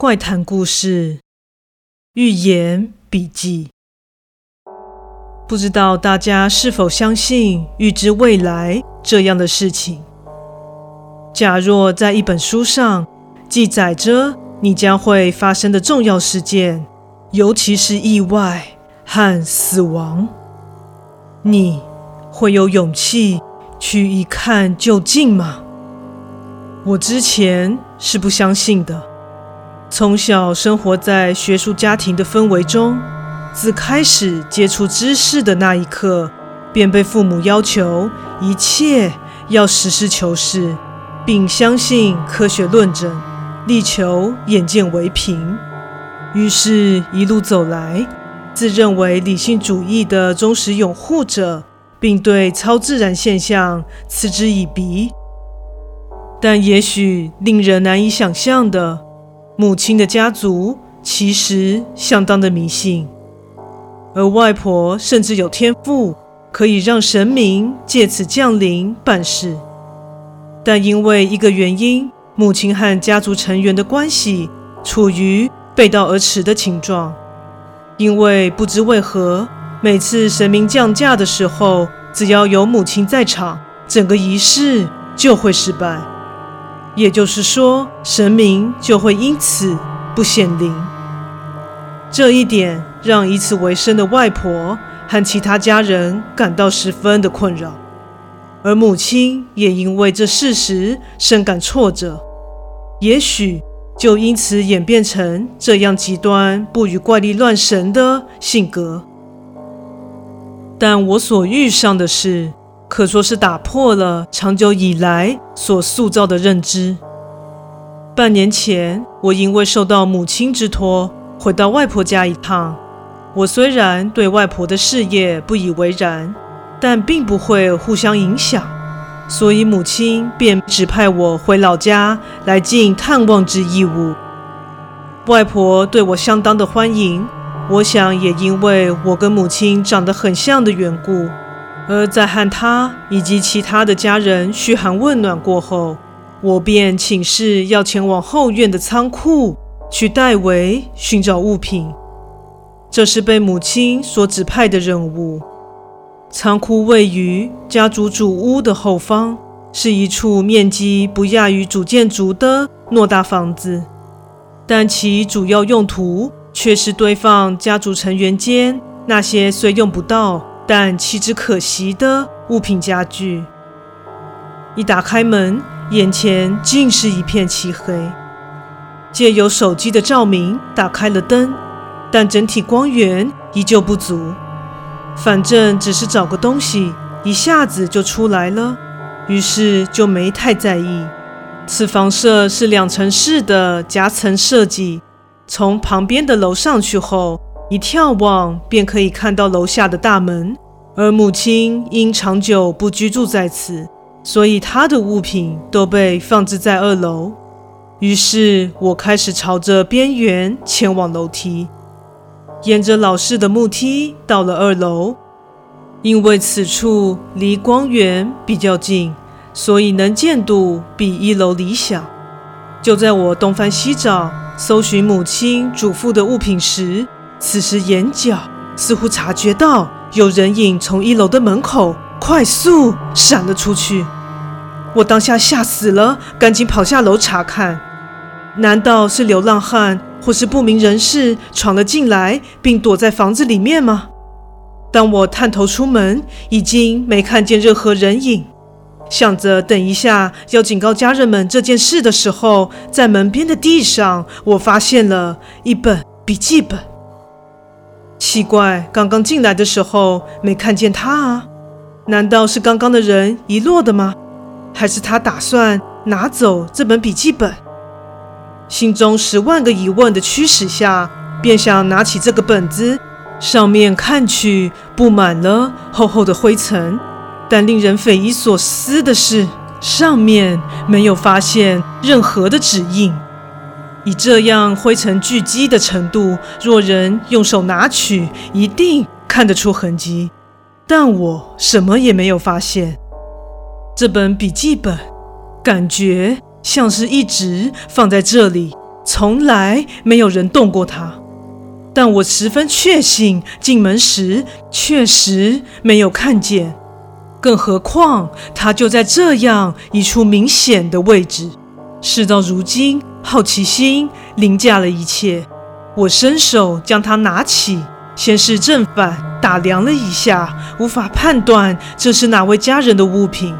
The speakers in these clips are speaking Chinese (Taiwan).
怪談故事－預言筆記，不知道大家是否相信預知未來這樣的事情？假若在一本書上記載着你將會發生的重要事件，尤其是意外和死亡，你會有勇氣去一看究竟嗎？我之前是不相信的。從小生活在學術家庭的氛圍中，自開始接觸知識的那一刻，便被父母要求一切要實事求是，並相信科學論證，力求眼見為憑。於是，一路走來，自認為理性主義的忠實擁護者，並對超自然現象嗤之以鼻。但也許令人難以想象的。母親的家族其實相當的迷信，而外婆甚至有天賦，可以讓神明借此降臨辦事。但因為一個原因，母親和家族成員的關係處於背道而馳的情況，因為不知為何，每次神明降駕的時候，只要有母親在場，整個儀式就會失敗。也就是說，神明就會因此不顯靈。這一點讓以此為生的外婆和其他家人感到十分的困擾，而母親也因為這事實深感挫折。也許就因此演變成這樣極端，不與怪力亂神的性格。但我所遇上的是，可說是打破了長久以來所塑造的認知。半年前，我因為受到母親之托，回到外婆家一趟。我雖然對外婆的事業不以為然，但並不會互相影響，所以母親便指派我回老家來盡探望之義務。外婆對我相當的歡迎，我想也因為我跟母親長得很像的緣故。而在和他以及其他的家人噓寒問暖過後，我便請示要前往後院的倉庫去代為尋找物品，這是被母親所指派的任務。倉庫位於家族主屋的後方，是一處面積不亞於主建築的偌大房子，但其主要用途卻是堆放家族成員間那些雖用不到，但棄之可惜的物品家具，一打開門，眼前竟是一片漆黑。借由手機的照明，打開了燈，但整體光源依舊不足。反正只是找個東西，一下子就出來了，於是就沒太在意。此房舍是兩層式的夾層設計，從旁邊的樓上去後，一眺望，便可以看到樓下的大門。而母親因長久不居住在此，所以她的物品都被放置在二樓。於是，我開始朝着邊緣前往樓梯，沿着老式的木梯到了二樓。因為此處離光源比較近，所以能見度比一樓理想。就在我東翻西找，搜尋母親囑咐的物品時，此時，眼角似乎察覺到有人影從一樓的門口快速閃了出去。我當下嚇死了，趕緊跑下樓查看。難道是流浪漢或是不明人士闖了進來，並躲在房子裡面嗎？當我探頭出門，已經沒看見任何人影。想着等一下要警告家人們這件事的時候，在門邊的地上，我發現了一本筆記本。奇怪，剛剛進來的時候沒看見他啊？難道是剛剛的人遺落的嗎？還是他打算拿走這本筆記本？心中十萬個疑問的驅使下，便想拿起這個本子。上面看去布滿了厚厚的灰塵，但令人匪夷所思的是，上面沒有發現任何的指印。以這樣灰塵聚集的程度，若人用手拿取，一定看得出痕跡。但我什麼也沒有發現。這本筆記本感覺像是一直放在這裡，從來沒有人動過它。但我十分確信，進門時確實沒有看見。更何況它就在這樣一處明顯的位置。事到如今，好奇心凌駕了一切。我伸手將它拿起，先是正反打量了一下，無法判斷這是哪位家人的物品。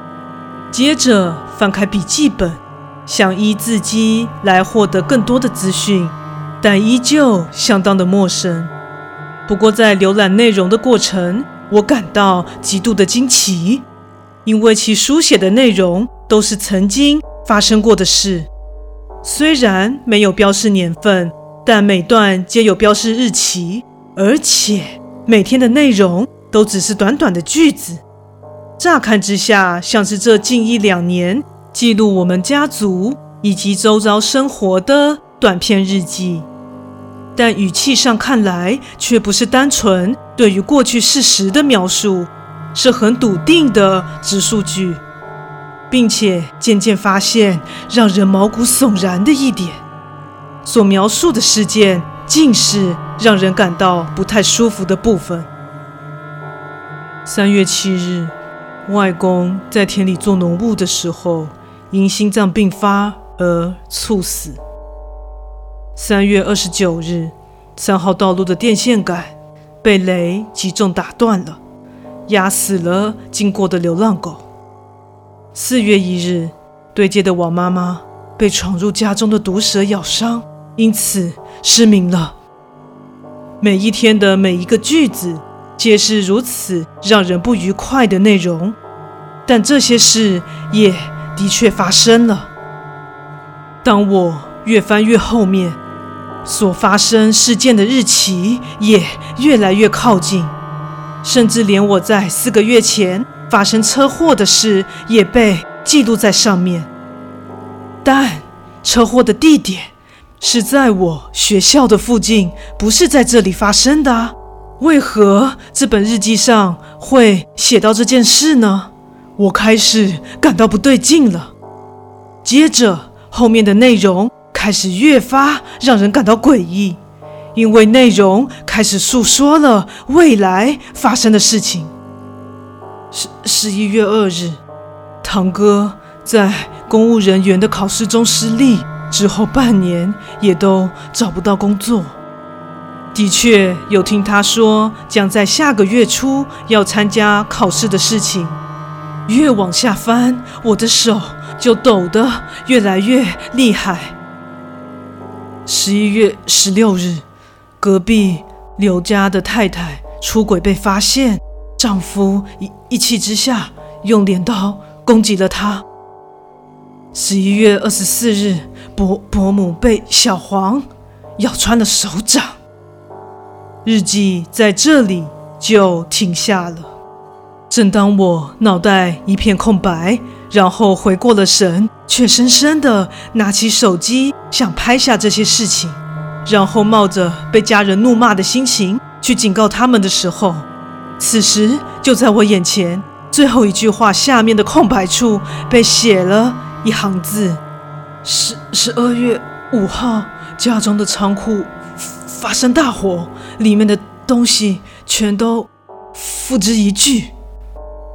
接着翻開筆記本，想依字跡來獲得更多的資訊，但依舊相當的陌生。不過在瀏覽內容的過程，我感到極度的驚奇，因為其書寫的內容都是曾經。發生過的事，雖然沒有標示年份，但每段皆有標示日期，而且每天的內容都只是短短的句子。乍看之下，像是這近一兩年記錄我們家族以及周遭生活的短篇日記，但語氣上看來卻不是單純對於過去事實的描述，是很篤定的直述句。並且漸漸發現，讓人毛骨悚然的一點，所描述的事件，竟是讓人感到不太舒服的部分。三月七日，外公在田裡做農務的時候，因心臟病發而猝死。三月二十九日，三號道路的電線桿被雷擊中打斷了，壓死了經過的流浪狗。四月一日，對街的王媽媽被闖入家中的毒蛇咬傷，因此失明了。每一天的每一個句子，皆是如此讓人不愉快的內容，但這些事也的確發生了。當我越翻越後面，所發生事件的日期也越來越靠近，甚至連我在四個月前。發生車禍的事也被記錄在上面，但車禍的地點是在我學校的附近，不是在這裡發生的。為何這本日記上會寫到這件事呢？我開始感到不對勁了。接着後面的內容開始越發讓人感到詭異，因為內容開始訴說了未來發生的事情。十十一月二日，堂哥在公務人員的考試中失利，之後半年也都找不到工作。的確有聽他說將在下個月初要參加考試的事情。越往下翻，我的手就抖得越來越厲害。十一月十六日，隔壁劉家的太太出軌被發現。丈夫一一氣之下用鐮刀攻擊了她。十一月二十四日，伯伯母被小黃咬穿了手掌。日記在這裡就停下了。正當我腦袋一片空白，然後回過了神，卻深深地拿起手機想拍下這些事情，然後冒着被家人怒罵的心情去警告他們的時候，此時就在我眼前，最後一句話下面的空白處被寫了一行字：十十二月五號，家中的倉庫發生大火，裡面的東西全都付之一炬。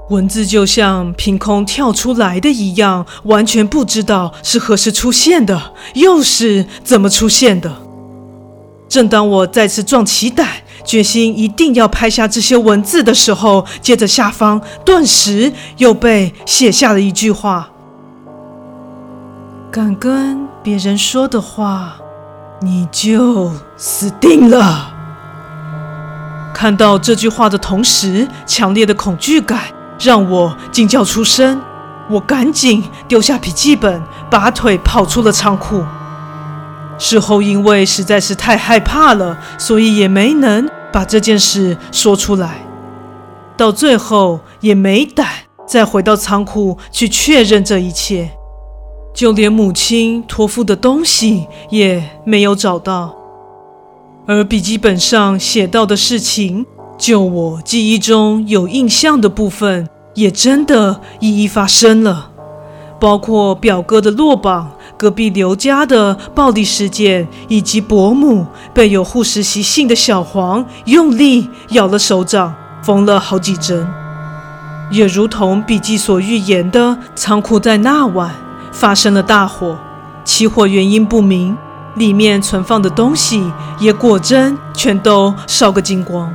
文字就像憑空跳出來的一樣，完全不知道是何時出現的，又是怎麼出現的。正當我再次壯起膽。決心一定要拍下這些文字的時候，接着下方頓時又被寫下了一句話：“敢跟別人說的話，你就死定了。”看到這句話的同時，強烈的恐懼感讓我驚叫出聲，我趕緊丟下筆記本，拔腿跑出了倉庫。事後因為實在是太害怕了，所以也沒能。把這件事說出來，到最後也沒膽再回到倉庫去確認這一切，就連母親托付的東西也沒有找到，而筆記本上寫到的事情，就我記憶中有印象的部分，也真的一一發生了，包括表哥的落榜。隔壁劉家的暴力事件，以及伯母被有護食習性的小黃用力咬了手掌，縫了好幾針，也如同筆記所預言的，倉庫在那晚發生了大火，起火原因不明，裡面存放的東西也果真全都燒個精光。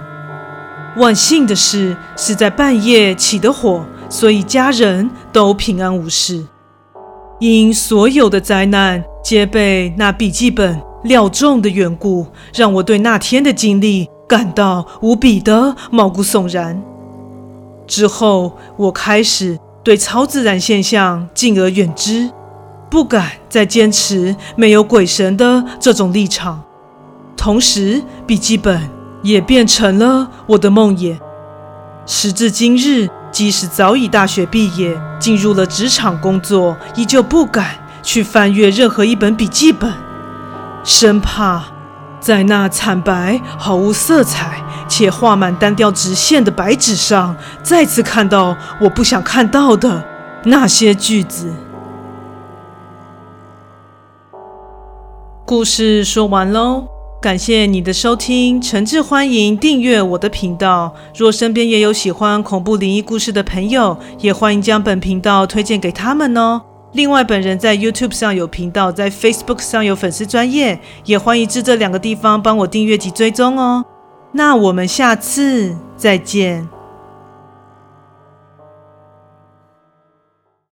萬幸的是，是在半夜起的火，所以家人都平安無事。因所有的災難皆被那筆記本料中的緣故，讓我對那天的經歷感到無比的毛骨悚然。之後，我開始對超自然現象敬而遠之，不敢再堅持沒有鬼神的這種立場。同時，筆記本也變成了我的夢魘。時至今日，即使早已大學畢業，進入了職場工作，依舊不敢去翻閱任何一本筆記本，生怕在那慘白、毫無色彩且畫滿單調直線的白紙上，再次看到我不想看到的那些句子。故事說完嘍。感謝你的收聽，誠摯歡迎訂閱我的頻道。若身邊也有喜歡恐怖靈異故事的朋友，也歡迎將本頻道推薦給他們哦。另外，本人在 YouTube 上有頻道，在 Facebook 上有粉絲專頁，也歡迎至這兩個地方幫我訂閱及追蹤哦。那我們下次再見。